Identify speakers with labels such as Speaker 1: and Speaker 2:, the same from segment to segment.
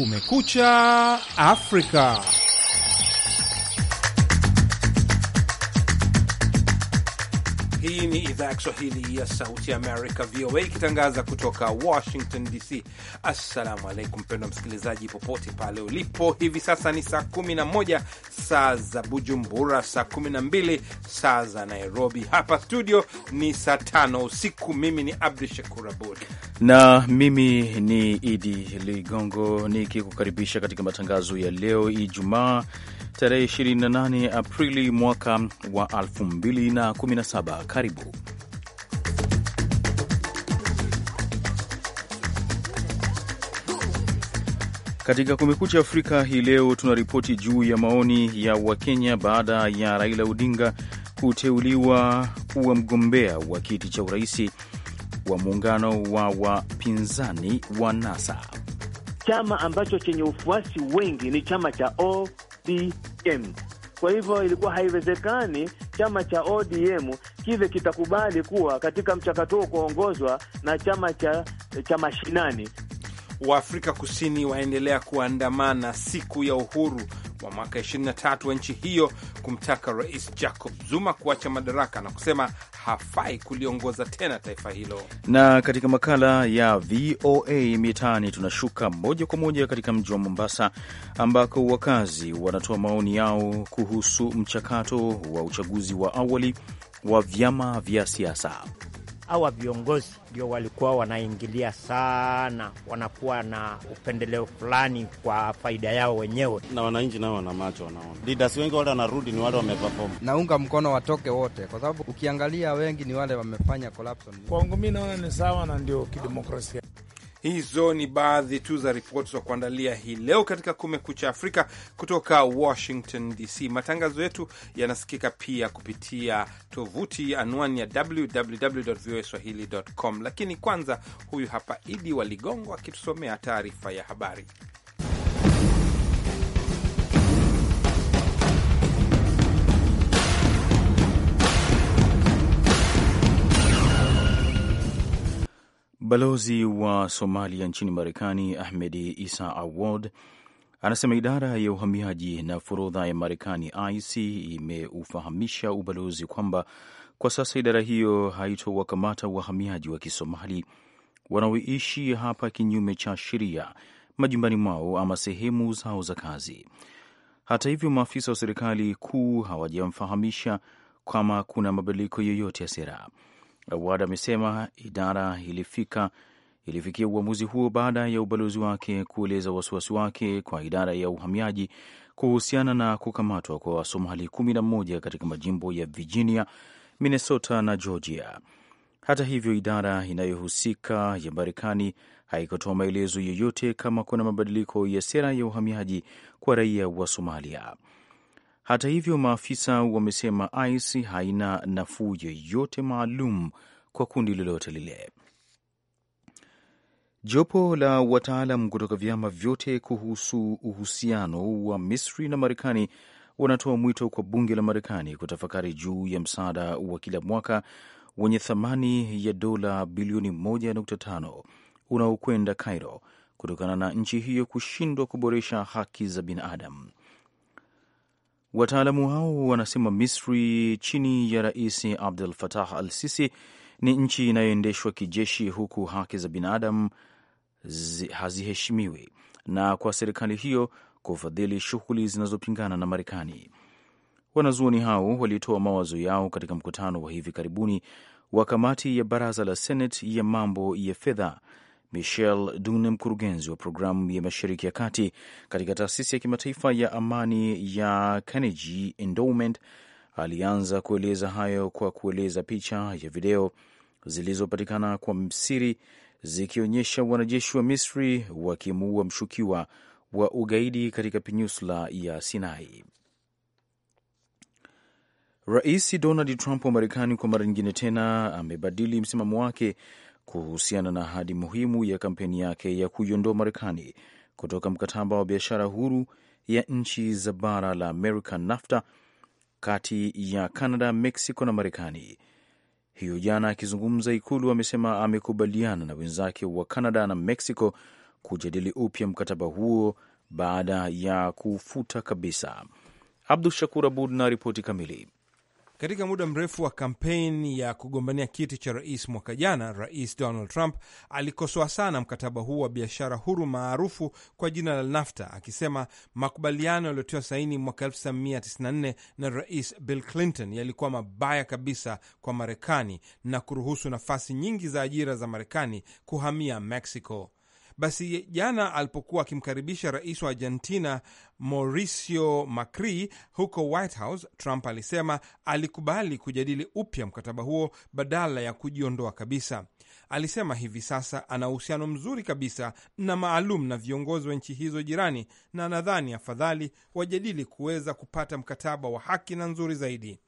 Speaker 1: Kumekucha Afrika. Hii ni idhaa ya Kiswahili ya Sauti ya Amerika, VOA, ikitangaza kutoka Washington DC. Assalamu alaikum, mpendwa msikilizaji, popote pale ulipo. Hivi sasa ni saa 11 saa za Bujumbura, saa 12 saa za Nairobi. Hapa studio ni saa tano usiku. Mimi ni Abdu Shakur Abud
Speaker 2: na mimi ni Idi Ligongo nikikukaribisha katika matangazo ya leo Ijumaa tarehe 28 Aprili mwaka wa 2017. Karibu katika Kumekucha Afrika. Hii leo tuna ripoti juu ya maoni ya Wakenya baada ya Raila Odinga kuteuliwa kuwa mgombea wa kiti cha uraisi wa muungano wa wapinzani wa NASA.
Speaker 3: Chama ambacho chenye ufuasi wengi ni chama cha ODM ODM. Kwa hivyo ilikuwa haiwezekani chama cha ODM kive kitakubali kuwa katika mchakato huo kuongozwa na chama cha,
Speaker 1: cha mashinani. Waafrika Kusini waendelea kuandamana siku ya uhuru wa mwaka 23 wa nchi hiyo kumtaka Rais Jacob Zuma kuacha madaraka na kusema hafai kuliongoza tena taifa hilo.
Speaker 2: Na katika makala ya VOA Mitaani tunashuka moja kwa moja katika mji wa Mombasa, ambako wakazi wanatoa maoni yao kuhusu mchakato wa uchaguzi wa awali wa vyama vya siasa
Speaker 4: hawa viongozi ndio walikuwa wanaingilia sana, wanakuwa na upendeleo fulani kwa faida yao wenyewe,
Speaker 2: na wananchi nao wana macho, wanaona leaders wengi wale wanarudi ni wale wameperform. Naunga mkono watoke wote,
Speaker 3: kwa sababu ukiangalia wengi ni wale wamefanya collapse. Kwangu mi naona ni sawa na ndio kidemokrasia.
Speaker 1: Hizo ni baadhi tu za ripoti za kuandalia hii leo katika Kumekucha Afrika kutoka Washington DC. Matangazo yetu yanasikika pia kupitia tovuti anwani ya www voa swahili.com, lakini kwanza, huyu hapa Idi wa Ligongo akitusomea taarifa ya habari.
Speaker 3: Balozi
Speaker 2: wa Somalia nchini Marekani ahmed Isa award anasema idara ya uhamiaji na forodha ya Marekani ic imeufahamisha ubalozi kwamba kwa sasa idara hiyo haitowakamata wahamiaji wa Kisomali wanaoishi hapa kinyume cha sheria majumbani mwao ama sehemu zao za kazi. Hata hivyo, maafisa wa serikali kuu hawajamfahamisha kama kuna mabadiliko yoyote ya sera. Awad amesema idara ilifika ilifikia uamuzi huo baada ya ubalozi wake kueleza wasiwasi wake kwa idara ya uhamiaji kuhusiana na kukamatwa kwa Wasomali kumi na mmoja katika majimbo ya Virginia, Minnesota na Georgia. Hata hivyo, idara inayohusika ya Marekani haikutoa maelezo yoyote kama kuna mabadiliko ya sera ya uhamiaji kwa raia wa Somalia. Hata hivyo, maafisa wamesema ICE haina nafuu yoyote maalum kwa kundi lolote lile. Jopo la wataalam kutoka vyama vyote kuhusu uhusiano wa Misri na Marekani wanatoa mwito kwa bunge la Marekani kutafakari juu ya msaada wa kila mwaka wenye thamani ya dola bilioni 1.5 unaokwenda Cairo kutokana na nchi hiyo kushindwa kuboresha haki za binadamu. Wataalamu hao wanasema Misri chini ya Rais Abdel Fattah al Sisi ni nchi inayoendeshwa kijeshi, huku haki za binadamu haziheshimiwi na kwa serikali hiyo kufadhili shughuli zinazopingana na Marekani. Wanazuoni hao walitoa mawazo yao katika mkutano wa hivi karibuni wa kamati ya baraza la Seneti ya mambo ya fedha Michel Dune, mkurugenzi wa programu ya Mashariki ya Kati katika taasisi ya kimataifa ya amani ya Carnegie Endowment, alianza kueleza hayo kwa kueleza picha ya video zilizopatikana kwa msiri zikionyesha wanajeshi wa Misri wakimuua mshukiwa wa ugaidi katika peninsula ya Sinai. Rais Donald Trump wa Marekani kwa mara nyingine tena amebadili msimamo wake kuhusiana na ahadi muhimu ya kampeni yake ya kuiondoa Marekani kutoka mkataba wa biashara huru ya nchi za bara la Amerika, NAFTA, kati ya Canada, Mexico na Marekani. Hiyo jana, akizungumza Ikulu, amesema amekubaliana na wenzake wa Canada na Mexico kujadili upya mkataba huo baada ya kufuta kabisa. Abdu Shakur Abud na ripoti kamili.
Speaker 1: Katika muda mrefu wa kampeni ya kugombania kiti cha rais mwaka jana, Rais Donald Trump alikosoa sana mkataba huu wa biashara huru maarufu kwa jina la NAFTA, akisema makubaliano yaliyotiwa saini mwaka 1994 na Rais Bill Clinton yalikuwa mabaya kabisa kwa Marekani na kuruhusu nafasi nyingi za ajira za Marekani kuhamia Mexico. Basi jana alipokuwa akimkaribisha rais wa Argentina Mauricio Macri huko White House, Trump alisema alikubali kujadili upya mkataba huo badala ya kujiondoa kabisa. Alisema hivi sasa ana uhusiano mzuri kabisa na maalum na viongozi wa nchi hizo jirani, na nadhani afadhali wajadili kuweza kupata mkataba wa haki na nzuri zaidi.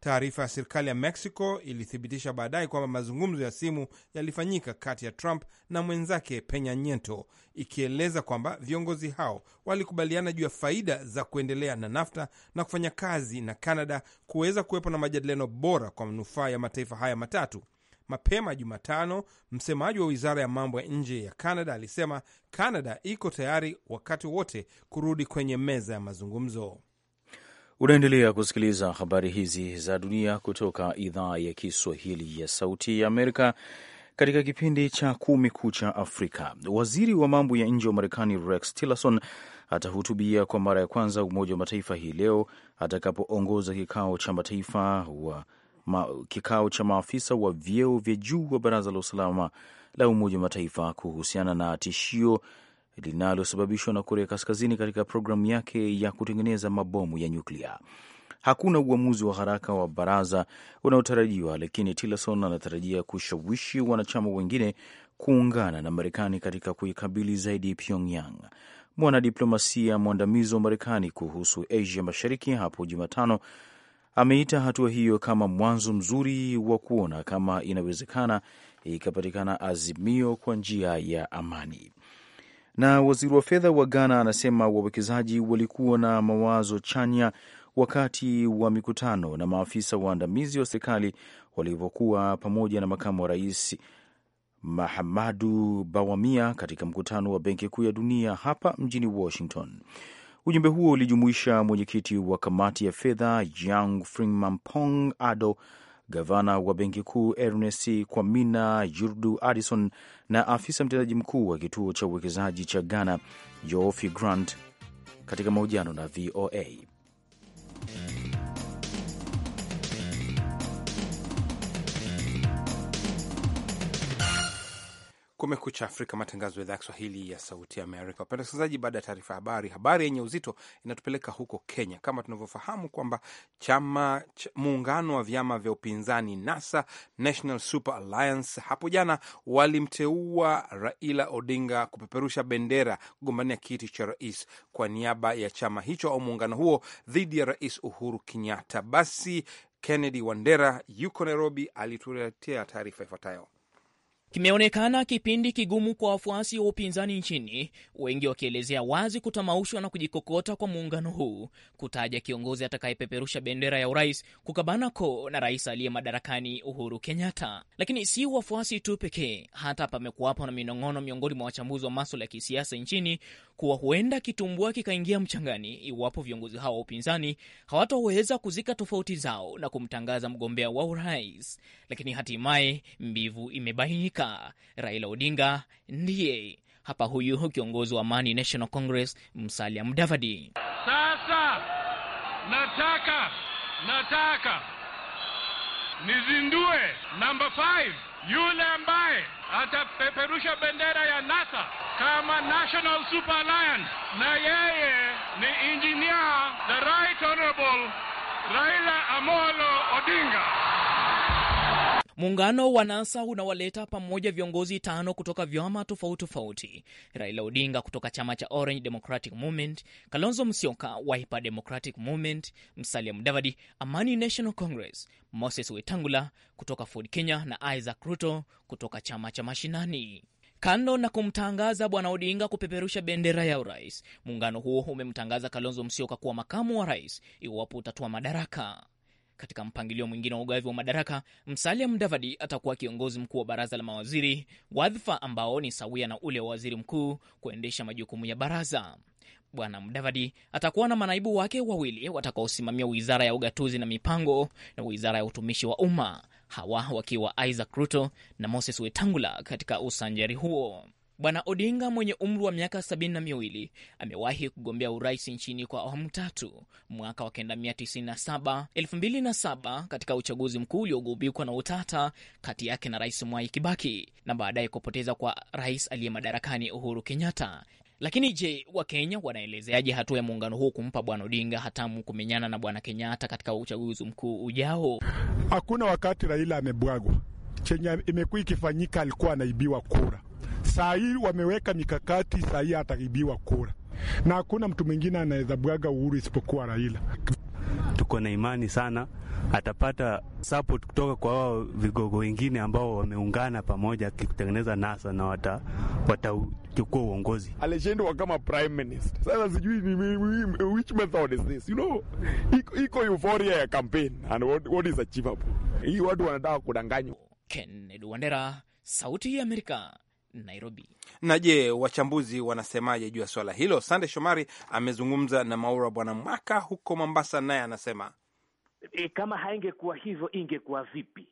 Speaker 1: Taarifa ya serikali ya Mexico ilithibitisha baadaye kwamba mazungumzo ya simu yalifanyika kati ya Trump na mwenzake Penya Nieto, ikieleza kwamba viongozi hao walikubaliana juu ya faida za kuendelea na NAFTA na kufanya kazi na Canada kuweza kuwepo na majadiliano bora kwa manufaa ya mataifa haya matatu. Mapema Jumatano, msemaji wa wizara ya mambo ya nje ya Canada alisema Canada iko tayari wakati wote kurudi kwenye meza ya mazungumzo.
Speaker 2: Unaendelea kusikiliza habari hizi za dunia kutoka idhaa ya Kiswahili ya Sauti ya Amerika katika kipindi cha kumi kuu cha Afrika. Waziri wa mambo ya nje wa Marekani Rex Tillerson atahutubia kwa mara ya kwanza Umoja wa Mataifa hii leo atakapoongoza kikao cha mataifa wa ma, kikao cha maafisa wa vyeo vya juu wa Baraza la Usalama la Umoja wa Mataifa kuhusiana na tishio linalosababishwa na Korea Kaskazini katika programu yake ya kutengeneza mabomu ya nyuklia. Hakuna uamuzi wa haraka wa baraza unaotarajiwa, lakini Tillerson anatarajia kushawishi wanachama wengine kuungana na Marekani katika kuikabili zaidi Pyongyang. Mwanadiplomasia mwandamizi wa Marekani kuhusu Asia Mashariki hapo Jumatano ameita hatua hiyo kama mwanzo mzuri wa kuona kama inawezekana ikapatikana azimio kwa njia ya amani. Na waziri wa fedha wa Ghana anasema wawekezaji walikuwa na mawazo chanya wakati wa mikutano na maafisa waandamizi wa serikali walivyokuwa pamoja na makamu wa rais Mahamadu Bawamia katika mkutano wa Benki Kuu ya Dunia hapa mjini Washington. Ujumbe huo ulijumuisha mwenyekiti wa kamati ya fedha Young Freeman Ado gavana wa benki kuu Ernest Kwamina Yurdu Addison na afisa mtendaji mkuu wa kituo cha uwekezaji cha Ghana Yoofi Grant katika mahojiano na VOA.
Speaker 1: Kumekucha Afrika, matangazo ya idhaa ya Kiswahili ya Sauti ya Amerika. Wapenda wasikilizaji, baada ya taarifa habari, habari yenye uzito inatupeleka huko Kenya. Kama tunavyofahamu kwamba chama ch muungano wa vyama vya upinzani NASA, National Super Alliance, hapo jana walimteua Raila Odinga kupeperusha bendera kugombania kiti cha rais kwa niaba ya chama hicho au muungano huo dhidi ya Rais Uhuru Kenyatta. Basi Kennedy Wandera yuko
Speaker 5: Nairobi, alituletea
Speaker 1: taarifa ifuatayo.
Speaker 5: Kimeonekana kipindi kigumu kwa wafuasi wa upinzani nchini, wengi wakielezea wazi kutamaushwa na kujikokota kwa muungano huu, kutaja kiongozi atakayepeperusha bendera ya urais kukabana koo na rais aliye madarakani Uhuru Kenyatta. Lakini si wafuasi tu pekee, hata pamekuwapo na minong'ono miongoni mwa wachambuzi wa maswala ya kisiasa nchini kuwa huenda kitumbua kikaingia mchangani iwapo viongozi hao wa upinzani hawataweza kuzika tofauti zao na kumtangaza mgombea wa urais. Lakini hatimaye mbivu imebainika. Afrika. Raila Odinga ndiye hapa huyu kiongozi wa Amani National Congress, Musalia Mudavadi.
Speaker 3: Sasa nataka nataka nizindue namba 5 yule ambaye atapeperusha bendera ya NASA kama National Super Alliance, na yeye ni engineer the right honorable Raila Amolo Odinga.
Speaker 5: Muungano wa NASA unawaleta pamoja viongozi tano kutoka vyama tofauti tofauti: Raila Odinga kutoka chama cha Orange Democratic Movement, Kalonzo Musyoka, Wiper Democratic Movement, Musalia Mudavadi, Amani National Congress, Moses Wetangula kutoka Ford Kenya na Isaac Ruto kutoka chama cha Mashinani. Kando na kumtangaza Bwana Odinga kupeperusha bendera ya urais, muungano huo umemtangaza Kalonzo Musyoka kuwa makamu wa rais iwapo utatua madaraka. Katika mpangilio mwingine wa ugavi wa madaraka, Musalia Mudavadi atakuwa kiongozi mkuu wa baraza la mawaziri, wadhifa ambao ni sawia na ule wa waziri mkuu kuendesha majukumu ya baraza. Bwana Mudavadi atakuwa na manaibu wake wawili watakaosimamia wizara ya ugatuzi na mipango na wizara ya utumishi wa umma, hawa wakiwa Isaac Ruto na Moses Wetangula katika usanjari huo. Bwana Odinga mwenye umri wa miaka sabini na miwili amewahi kugombea urais nchini kwa awamu tatu mwaka wa 1997, 2007 katika uchaguzi mkuu uliogubikwa na utata kati yake na Rais Mwai Kibaki na baadaye kupoteza kwa rais aliye madarakani Uhuru Kenyatta. Lakini je, Wakenya wanaelezeaje hatua ya muungano huu kumpa bwana Odinga hatamu kumenyana na bwana Kenyatta katika uchaguzi mkuu ujao? Hakuna wakati Raila amebwagwa, chenye imekuwa ikifanyika alikuwa anaibiwa kura saa hii wameweka mikakati, saa hii ataribiwa kura, na hakuna mtu mwingine anaweza bwaga uhuru isipokuwa Raila.
Speaker 3: Tuko na imani sana atapata support kutoka kwa wao vigogo wengine ambao wameungana pamoja kutengeneza NASA na wata watachukua wata uongozi.
Speaker 5: Alishindwa kama prime minister, sasa sijui ni which method is this you know, iko euphoria ya campaign and what, what is achievable. Hii watu wanataka kudanganywa. Kennedy Wandera, Sauti ya Amerika, Nairobi.
Speaker 1: Na je, wachambuzi wanasemaje juu ya swala hilo? Sande Shomari amezungumza na Maura Bwana Mwaka huko Mombasa, naye anasema
Speaker 3: e, kama haingekuwa hivyo ingekuwa vipi?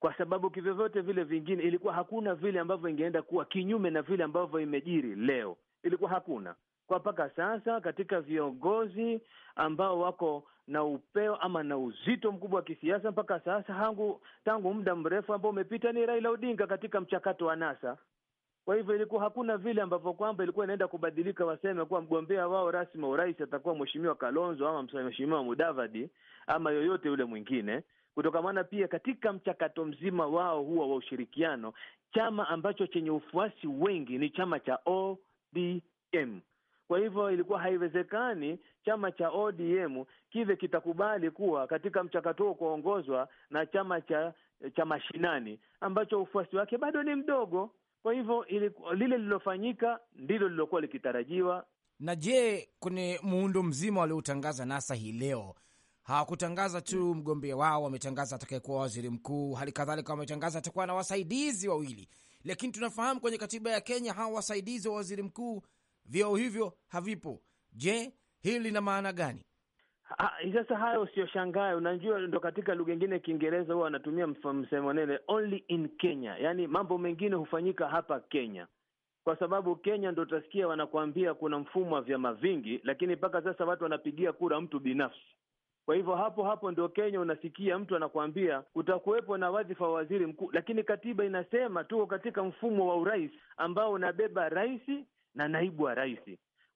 Speaker 3: Kwa sababu kivyovyote vile vingine ilikuwa hakuna vile ambavyo ingeenda kuwa kinyume na vile ambavyo imejiri leo, ilikuwa hakuna kwa mpaka sasa katika viongozi ambao wako na upeo ama na uzito mkubwa wa kisiasa mpaka sasa hangu, tangu muda mrefu ambao umepita ni Raila Odinga katika mchakato wa NASA kwa hivyo ilikuwa hakuna vile ambavyo kwamba ilikuwa inaenda kubadilika, waseme kuwa mgombea wao rasmi wa urais atakuwa mheshimiwa Kalonzo ama mheshimiwa Mudavadi ama yoyote yule mwingine, kutokamana pia katika mchakato mzima wao huo wa ushirikiano, chama ambacho chenye ufuasi wengi ni chama cha ODM. Kwa hivyo ilikuwa haiwezekani chama cha ODM kive kitakubali kuwa katika mchakato huo kuongozwa na chama cha cha mashinani ambacho ufuasi wake bado ni mdogo. Kwa hivyo lile lililofanyika ndilo lililokuwa likitarajiwa. Na je, kwenye muundo mzima
Speaker 2: waliotangaza NASA hii leo hawakutangaza tu hmm. mgombea wao, wametangaza atakayekuwa waziri mkuu, hali kadhalika wametangaza atakuwa na wasaidizi wawili, lakini tunafahamu kwenye katiba ya Kenya hawa wasaidizi wa waziri mkuu vyeo hivyo havipo. Je, hili lina maana gani?
Speaker 3: Ah, sasa hayo sio shangae, unajua ndo katika lugha ingine Kiingereza huwa wanatumia msemo nene only in Kenya, yaani mambo mengine hufanyika hapa Kenya, kwa sababu Kenya ndo utasikia wanakuambia kuna mfumo wa vyama vingi, lakini mpaka sasa watu wanapigia kura mtu binafsi. Kwa hivyo hapo hapo ndio Kenya unasikia mtu anakuambia kutakuwepo na wadhifa wa waziri mkuu, lakini katiba inasema tuko katika mfumo wa urais ambao unabeba rais na naibu wa rais.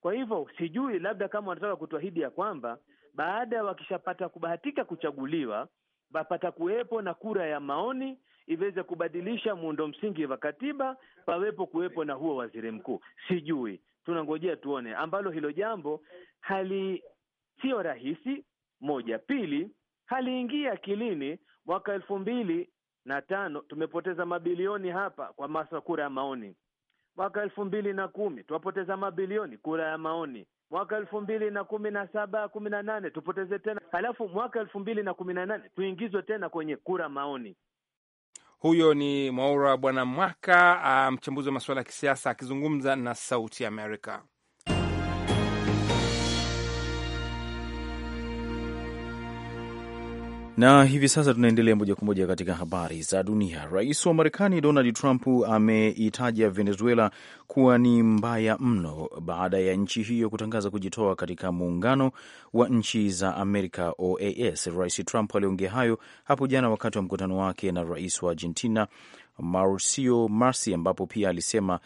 Speaker 3: Kwa hivyo sijui, labda kama wanataka kutuahidi ya kwamba baada wakishapata kubahatika kuchaguliwa bapata kuwepo na kura ya maoni iweze kubadilisha muundo msingi wa katiba, pawepo kuwepo na huo waziri mkuu. Sijui, tunangojea tuone, ambalo hilo jambo hali sio rahisi. Moja, pili, haliingia akilini. Mwaka elfu mbili na tano tumepoteza mabilioni hapa kwa masa kura ya maoni. Mwaka elfu mbili na kumi tuwapoteza mabilioni kura ya maoni mwaka elfu mbili na kumi na saba kumi na nane tupoteze tena, halafu mwaka elfu mbili na kumi na nane tuingizwe tena kwenye kura maoni.
Speaker 1: Huyo ni Mwaura Bwana Mwaka, ah, mchambuzi wa masuala ya kisiasa akizungumza na Sauti Amerika.
Speaker 2: Na hivi sasa tunaendelea moja kwa moja katika habari za dunia. Rais wa Marekani Donald Trump ameitaja Venezuela kuwa ni mbaya mno baada ya nchi hiyo kutangaza kujitoa katika muungano wa nchi za Amerika, OAS. Rais Trump aliongea hayo hapo jana wakati wa mkutano wake na rais wa Argentina Mauricio Marsi, ambapo pia alisema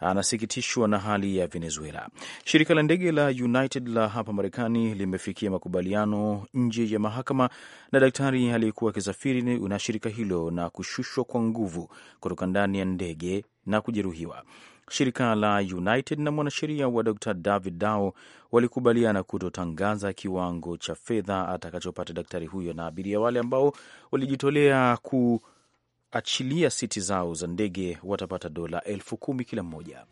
Speaker 2: anasikitishwa na hali ya Venezuela. Shirika la ndege la United la hapa Marekani limefikia makubaliano nje ya mahakama na daktari aliyekuwa akisafiri na shirika hilo na kushushwa kwa nguvu kutoka ndani ya ndege na kujeruhiwa. Shirika la United na mwanasheria wa Dr David Dao walikubaliana kutotangaza kiwango cha fedha atakachopata daktari huyo na abiria wale ambao walijitolea ku achilia siti zao za ndege watapata dola elfu kumi kila mmoja.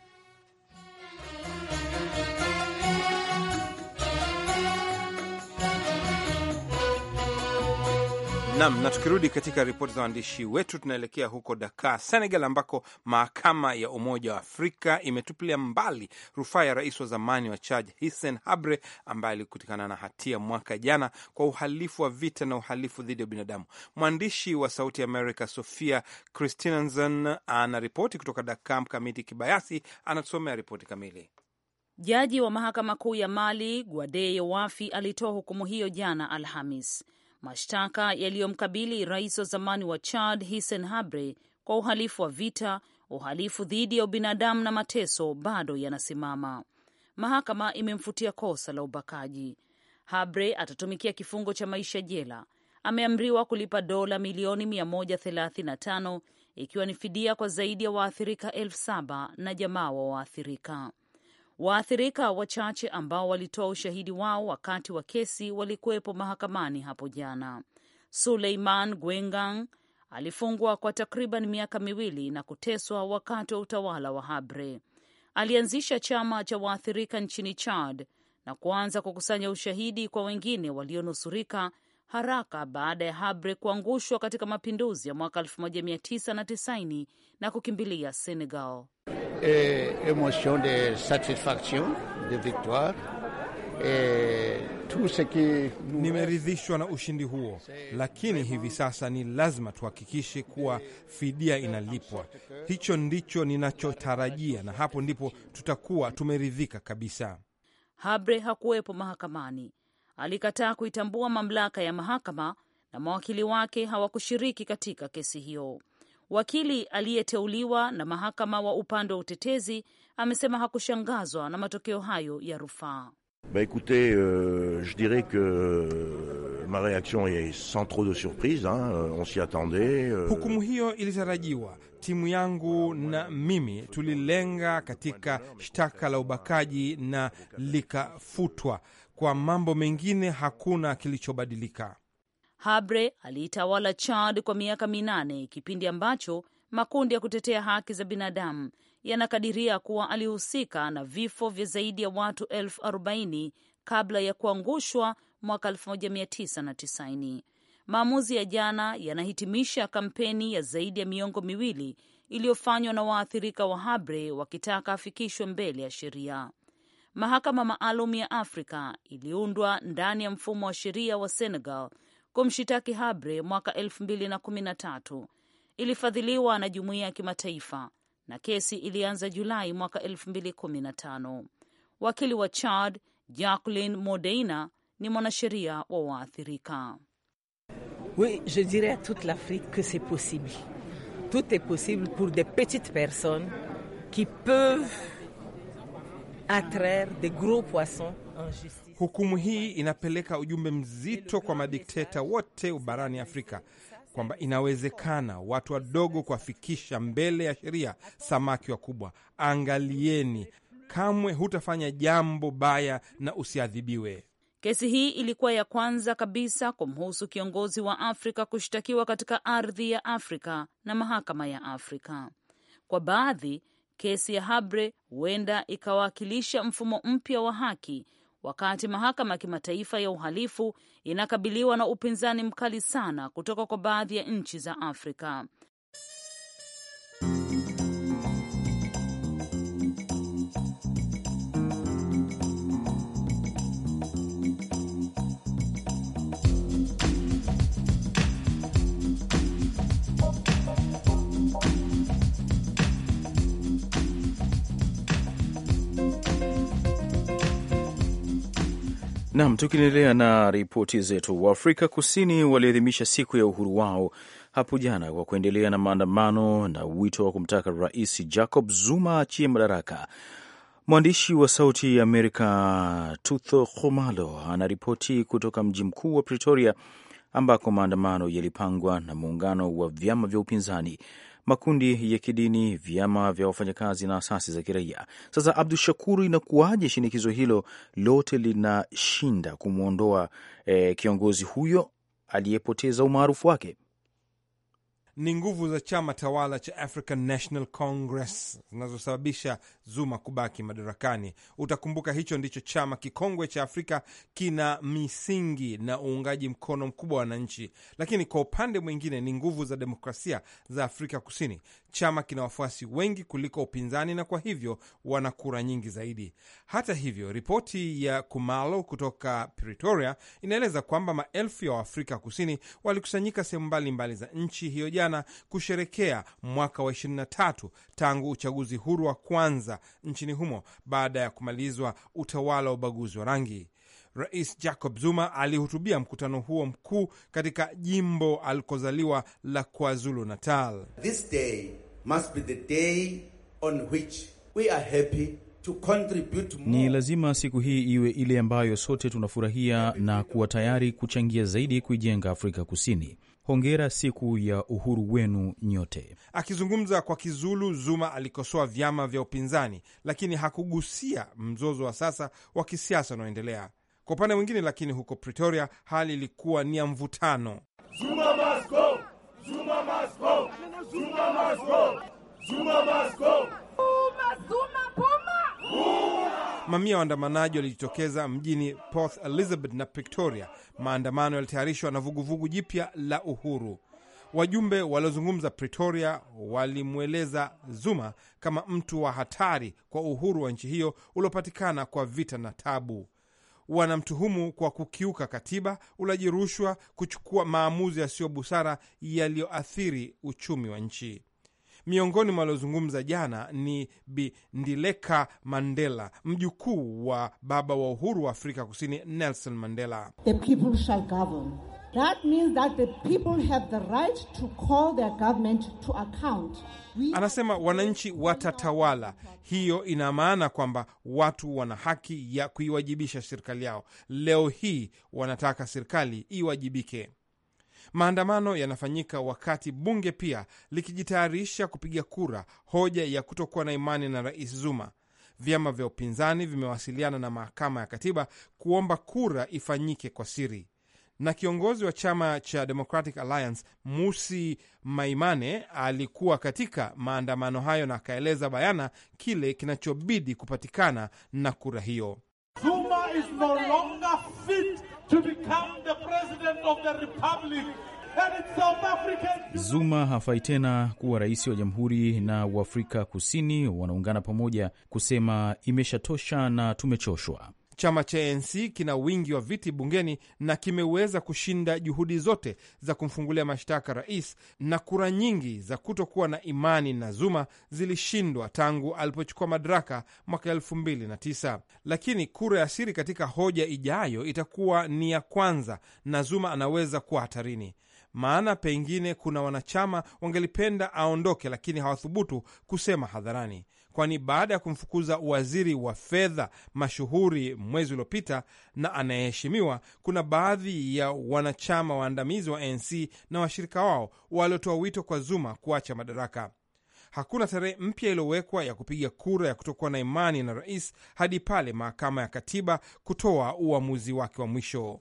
Speaker 1: Nam, na tukirudi katika ripoti za waandishi wetu, tunaelekea huko Dakar, Senegal, ambako mahakama ya Umoja wa Afrika imetupilia mbali rufaa ya rais wa zamani wa Chad Hissen Habre ambaye alikutikana na hatia mwaka jana kwa uhalifu wa vita na uhalifu dhidi ya binadamu. Mwandishi wa Sauti America Sofia ana ripoti kutoka Dakar. Mkamiti Kibayasi anatusomea ripoti kamili.
Speaker 6: Jaji wa mahakama kuu ya Mali Guadeye Wafi alitoa hukumu hiyo jana Alhamis mashtaka yaliyomkabili rais wa zamani wa Chad Hissen Habre kwa uhalifu wa vita, uhalifu dhidi ya ubinadamu na mateso bado yanasimama. Mahakama imemfutia kosa la ubakaji. Habre atatumikia kifungo cha maisha jela. Ameamriwa kulipa dola milioni 135 ikiwa ni fidia kwa zaidi ya waathirika elfu saba na jamaa wa waathirika. Waathirika wachache ambao walitoa ushahidi wao wakati wa kesi walikuwepo mahakamani hapo jana. Suleiman Gwengang alifungwa kwa takriban miaka miwili na kuteswa wakati wa utawala wa Habre. Alianzisha chama cha waathirika nchini Chad na kuanza kukusanya ushahidi kwa wengine walionusurika haraka baada ya Habre kuangushwa katika mapinduzi ya mwaka 1990 na kukimbilia Senegal.
Speaker 1: E,
Speaker 4: emotion de satisfaction de victoire e,
Speaker 1: nimeridhishwa na ushindi huo, lakini hivi sasa ni lazima tuhakikishe kuwa fidia inalipwa. Hicho ndicho ninachotarajia, na hapo ndipo tutakuwa tumeridhika kabisa.
Speaker 6: Habre hakuwepo mahakamani alikataa kuitambua mamlaka ya mahakama na mawakili wake hawakushiriki katika kesi hiyo. Wakili aliyeteuliwa na mahakama wa upande wa utetezi amesema hakushangazwa na matokeo hayo ya rufaa.
Speaker 3: Bah écoutez, euh, je
Speaker 4: dirais que euh, ma reaction est sans trop de surprise, hein, euh, on s'y attendait.
Speaker 5: Euh. Hukumu
Speaker 1: hiyo ilitarajiwa. Timu yangu na mimi tulilenga katika shtaka la ubakaji na likafutwa. Kwa mambo mengine hakuna kilichobadilika.
Speaker 6: Habre aliitawala Chad kwa miaka minane, kipindi ambacho makundi ya kutetea haki za binadamu yanakadiria kuwa alihusika na vifo vya zaidi ya watu elfu arobaini kabla ya kuangushwa mwaka 1990. Maamuzi ya jana yanahitimisha kampeni ya zaidi ya miongo miwili iliyofanywa na waathirika wa Habre wakitaka afikishwe mbele ya sheria mahakama maalum ya Afrika iliundwa ndani ya mfumo wa sheria wa Senegal kumshitaki Habre mwaka elfu mbili na kumi na tatu. Ilifadhiliwa na jumuiya ya kimataifa na kesi ilianza Julai mwaka elfu mbili kumi na tano. Wakili wa Chad Jacqueline Modeina ni mwanasheria wa waathirika. Oui, je dirais à toute l'Afrique que c'est possible. Tout est possible pour des petites personnes qui peuvent
Speaker 5: attraire des gros poissons en justice. Hukumu hii
Speaker 1: inapeleka ujumbe mzito kwa madikteta wote barani Afrika kwamba inawezekana watu wadogo kuwafikisha mbele ya sheria samaki wakubwa. Angalieni, kamwe hutafanya jambo baya na usiadhibiwe.
Speaker 6: Kesi hii ilikuwa ya kwanza kabisa kumhusu kiongozi wa Afrika kushtakiwa katika ardhi ya Afrika na mahakama ya Afrika. Kwa baadhi Kesi ya Habre huenda ikawakilisha mfumo mpya wa haki wakati mahakama ya kimataifa ya uhalifu inakabiliwa na upinzani mkali sana kutoka kwa baadhi ya nchi za Afrika.
Speaker 2: Nam, tukiendelea na, na ripoti zetu, Waafrika Kusini waliadhimisha siku ya uhuru wao hapo jana kwa kuendelea na maandamano na wito wa kumtaka Rais Jacob Zuma achie madaraka. Mwandishi wa Sauti ya Amerika Tutho Khumalo anaripoti kutoka mji mkuu wa Pretoria ambako maandamano yalipangwa na muungano wa vyama vya upinzani makundi ya kidini, vyama vya wafanyakazi na asasi za kiraia. Sasa Abdu Shakuru, inakuwaje shinikizo hilo lote linashinda kumwondoa eh, kiongozi huyo aliyepoteza umaarufu wake?
Speaker 1: ni nguvu za chama tawala cha African National Congress zinazosababisha Zuma kubaki madarakani. Utakumbuka hicho ndicho chama kikongwe cha Afrika, kina misingi na uungaji mkono mkubwa wa wananchi, lakini kwa upande mwingine ni nguvu za demokrasia za Afrika Kusini. Chama kina wafuasi wengi kuliko upinzani na kwa hivyo wana kura nyingi zaidi. Hata hivyo, ripoti ya Kumalo kutoka Pretoria inaeleza kwamba maelfu ya Waafrika Kusini walikusanyika sehemu mbalimbali za nchi hiyo jana jana kusherekea mwaka wa 23 tangu uchaguzi huru wa kwanza nchini humo baada ya kumalizwa utawala wa ubaguzi wa rangi. Rais Jacob Zuma alihutubia mkutano huo mkuu katika jimbo alikozaliwa la KwaZulu Natal. This day must be the day on which we are happy
Speaker 2: ni lazima siku hii iwe ile ambayo sote tunafurahia na kuwa tayari kuchangia zaidi kuijenga Afrika Kusini. Hongera siku ya uhuru wenu nyote.
Speaker 1: Akizungumza kwa Kizulu, Zuma alikosoa vyama vya upinzani, lakini hakugusia mzozo wa sasa wa kisiasa unaoendelea kwa upande mwingine. Lakini huko Pretoria hali ilikuwa ni ya mvutano.
Speaker 3: Zuma must go! Zuma must go!
Speaker 4: Zuma must go! Zuma must go!
Speaker 1: Mamia waandamanaji walijitokeza mjini Port Elizabeth na Victoria. Maandamano yalitayarishwa na vuguvugu jipya la uhuru. Wajumbe waliozungumza Pretoria walimweleza Zuma kama mtu wa hatari kwa uhuru wa nchi hiyo uliopatikana kwa vita na tabu. Wanamtuhumu kwa kukiuka katiba, ulaji rushwa, kuchukua maamuzi yasiyo busara yaliyoathiri uchumi wa nchi. Miongoni mwa waliozungumza jana ni Bindileka Mandela, mjukuu wa baba wa uhuru wa Afrika Kusini, Nelson Mandela.
Speaker 4: The people shall govern. That means that the people have the right to call their government to account.
Speaker 1: Anasema wananchi watatawala. Hiyo ina maana kwamba watu wana haki ya kuiwajibisha serikali yao. Leo hii wanataka serikali iwajibike. Maandamano yanafanyika wakati bunge pia likijitayarisha kupiga kura hoja ya kutokuwa na imani na rais Zuma. Vyama vya upinzani vimewasiliana na mahakama ya katiba kuomba kura ifanyike kwa siri. Na kiongozi wa chama cha Democratic Alliance Musi Maimane alikuwa katika maandamano hayo na akaeleza bayana kile kinachobidi kupatikana na kura hiyo. Zuma is no longer fit
Speaker 2: to become Zuma hafai tena kuwa rais wa jamhuri, na Waafrika Kusini wanaungana pamoja kusema imeshatosha na tumechoshwa.
Speaker 1: Chama cha ANC kina wingi wa viti bungeni na kimeweza kushinda juhudi zote za kumfungulia mashtaka rais, na kura nyingi za kutokuwa na imani na Zuma zilishindwa tangu alipochukua madaraka mwaka tisa. Lakini kura ya siri katika hoja ijayo itakuwa ni ya kwanza, na Zuma anaweza kuwa hatarini maana pengine kuna wanachama wangelipenda aondoke, lakini hawathubutu kusema hadharani kwani baada ya kumfukuza waziri wa fedha mashuhuri mwezi uliopita na anayeheshimiwa, kuna baadhi ya wanachama waandamizi wa ANC na washirika wao waliotoa wito kwa Zuma kuacha madaraka. Hakuna tarehe mpya iliyowekwa ya kupiga kura ya kutokuwa na imani na rais hadi pale mahakama ya katiba kutoa uamuzi wake wa mwisho.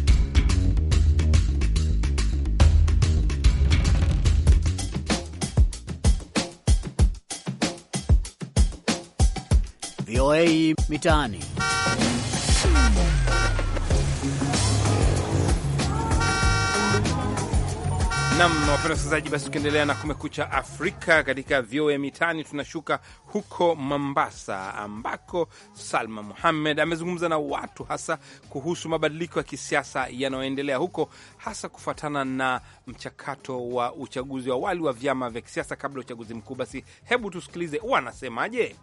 Speaker 5: VOA Mitaani.
Speaker 1: Nam wapenda wasikilizaji, basi tukiendelea na Kumekucha Afrika katika VOA Mitaani, tunashuka huko Mombasa ambako Salma Muhammed amezungumza na watu hasa kuhusu mabadiliko ya kisiasa yanayoendelea huko, hasa kufuatana na mchakato wa uchaguzi wa awali wa vyama vya kisiasa kabla ya uchaguzi mkuu. Basi hebu tusikilize wanasemaje.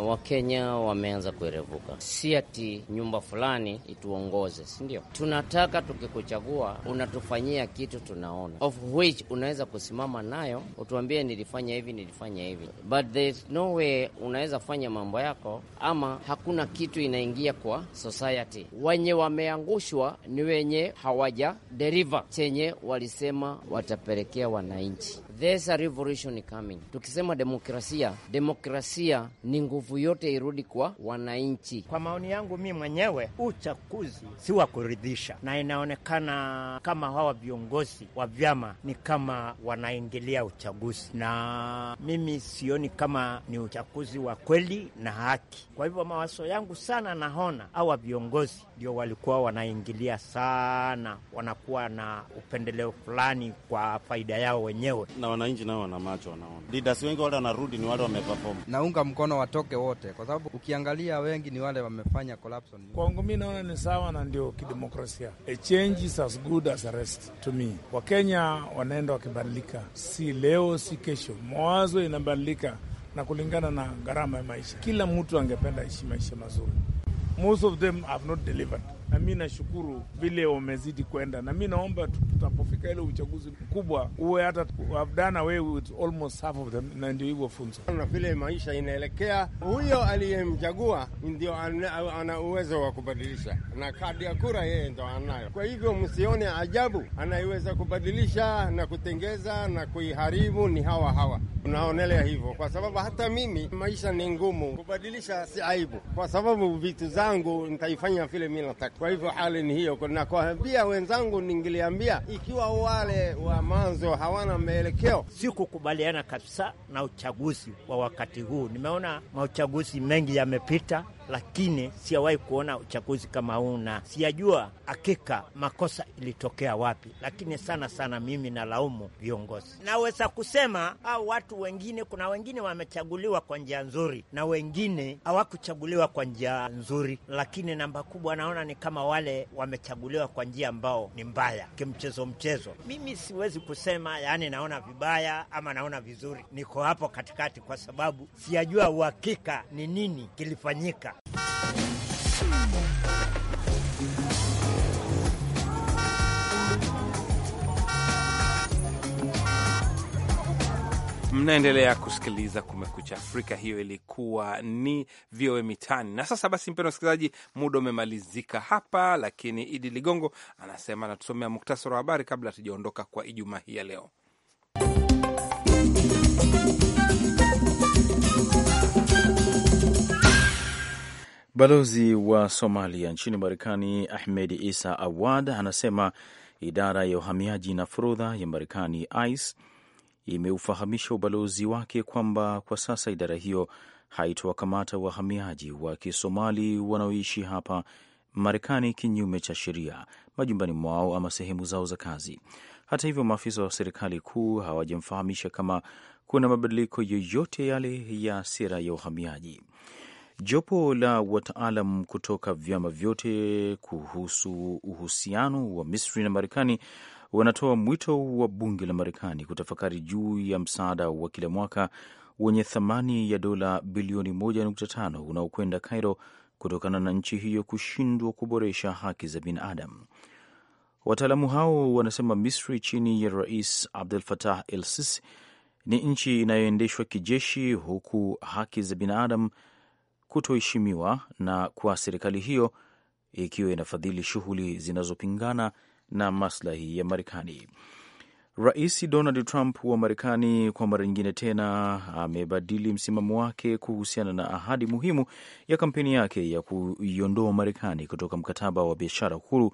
Speaker 4: Wakenya wameanza kuerevuka, si ati nyumba fulani ituongoze, si ndio? Tunataka tukikuchagua unatufanyia kitu tunaona, of which unaweza kusimama nayo utuambie nilifanya hivi, nilifanya hivi, but there no way unaweza fanya mambo yako, ama hakuna kitu inaingia kwa society. Wenye wameangushwa ni wenye hawaja deriva chenye walisema watapelekea wananchi. There's a revolution coming. Tukisema demokrasia, demokrasia ni nguvu yote irudi kwa wananchi. Kwa maoni yangu mi mwenyewe, uchaguzi si wa kuridhisha, na inaonekana kama hawa viongozi wa vyama ni kama wanaingilia uchaguzi, na mimi sioni kama ni uchaguzi wa kweli na haki. Kwa hivyo mawazo yangu sana, naona hawa viongozi ndio walikuwa wanaingilia sana, wanakuwa na upendeleo fulani kwa faida yao wenyewe na na wananchi nao wana macho, wanaona. Leaders wengi wale wanarudi ni wale wameperform.
Speaker 2: Naunga mkono watoke wote, kwa sababu ukiangalia wengi ni wale wamefanya collapse.
Speaker 3: Kwangu mimi naona ni sawa na ndio kidemokrasia. A change is as good as a rest to me. Wakenya wanaenda wakibadilika, si leo si kesho, mawazo inabadilika na kulingana na gharama ya maisha. Kila mtu angependa ishi maisha mazuri. Most of them have not delivered na mi nashukuru vile wamezidi kwenda, na mi naomba tutapofika ile uchaguzi mkubwa
Speaker 1: uwe hata wavdana wewe almost half of them, na ndio hivyo funzo na vile maisha inaelekea. Huyo aliyemchagua ndio ana uwezo wa kubadilisha, na kadi ya kura yeye ndo anayo. Kwa hivyo msione ajabu, anaiweza kubadilisha na kutengeza na kuiharibu ni hawa hawa. naonelea hivyo kwa sababu hata mimi maisha ni ngumu, kubadilisha si aibu, kwa sababu vitu zangu nitaifanya vile mi nataka. Kwa hivyo hali ni hiyo, na kuambia wenzangu, ningiliambia ikiwa wale wa mwanzo hawana
Speaker 4: maelekeo si kukubaliana kabisa na uchaguzi wa wakati huu. Nimeona mauchaguzi mengi yamepita lakini siyawahi kuona uchaguzi kama huu, na siyajua hakika makosa ilitokea wapi, lakini sana sana mimi nalaumu viongozi. Naweza kusema au ah, watu wengine, kuna wengine wamechaguliwa kwa njia nzuri na wengine hawakuchaguliwa kwa njia nzuri, lakini namba kubwa naona ni kama wale wamechaguliwa kwa njia ambao ni mbaya kimchezo mchezo. Mimi siwezi kusema yaani naona vibaya ama naona vizuri, niko hapo katikati, kwa sababu siyajua uhakika ni nini kilifanyika.
Speaker 1: Mnaendelea kusikiliza Kumekucha Afrika. Hiyo ilikuwa ni VOA Mitaani. Na sasa basi, mpendwa msikilizaji, muda umemalizika hapa, lakini Idi Ligongo anasema anatusomea muktasari wa habari kabla hatujaondoka kwa Ijumaa hii ya leo.
Speaker 2: Balozi wa Somalia nchini Marekani Ahmed Isa Awad anasema idara ya uhamiaji na forodha ya Marekani ICE imeufahamisha ubalozi wake kwamba kwa sasa idara hiyo haitowakamata wahamiaji wa Kisomali wanaoishi hapa Marekani kinyume cha sheria majumbani mwao ama sehemu zao za kazi. Hata hivyo, maafisa wa serikali kuu hawajamfahamisha kama kuna mabadiliko yoyote yale ya sera ya uhamiaji. Jopo la wataalam kutoka vyama vyote kuhusu uhusiano wa Misri na Marekani wanatoa mwito wa bunge la Marekani kutafakari juu ya msaada wa kila mwaka wenye thamani ya dola bilioni 1.5 unaokwenda Cairo kutokana na nchi hiyo kushindwa kuboresha haki za binadamu. Wataalamu hao wanasema Misri chini ya Rais Abdel Fattah el Sisi ni nchi inayoendeshwa kijeshi, huku haki za binadamu kutoheshimiwa na kwa serikali hiyo ikiwa inafadhili shughuli zinazopingana na maslahi ya Marekani. Rais Donald Trump wa Marekani kwa mara nyingine tena amebadili msimamo wake kuhusiana na ahadi muhimu ya kampeni yake ya kuiondoa Marekani kutoka mkataba wa biashara huru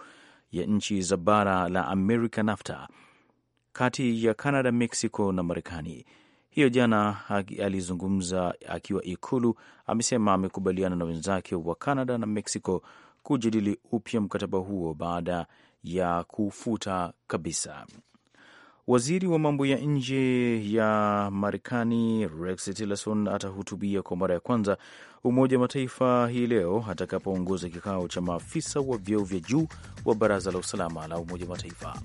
Speaker 2: ya nchi za bara la Amerika, NAFTA, kati ya Canada, Mexico na Marekani hiyo jana alizungumza akiwa Ikulu, amesema amekubaliana na wenzake wa Canada na Mexico kujadili upya mkataba huo baada ya kufuta kabisa. Waziri wa mambo ya nje ya Marekani Rex Tillerson atahutubia kwa mara ya kwanza Umoja wa Mataifa hii leo atakapoongoza kikao cha maafisa wa vyeo vya juu wa Baraza la Usalama la Umoja wa Mataifa.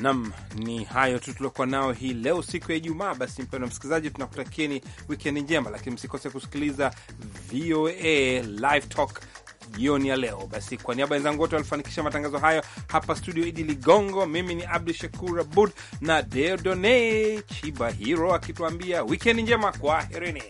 Speaker 1: Nam, ni hayo tu tuliokuwa nao hii leo, siku ya Ijumaa. Basi mpendwa msikilizaji, tunakutakieni wikendi njema, lakini msikose kusikiliza VOA Live Talk jioni ya leo. Basi kwa niaba wenzangu wote walifanikisha matangazo hayo hapa studio, Idi Ligongo, mimi ni Abdu Shakur Abud na Deodone Chibahiro akituambia wikendi njema, kwa herini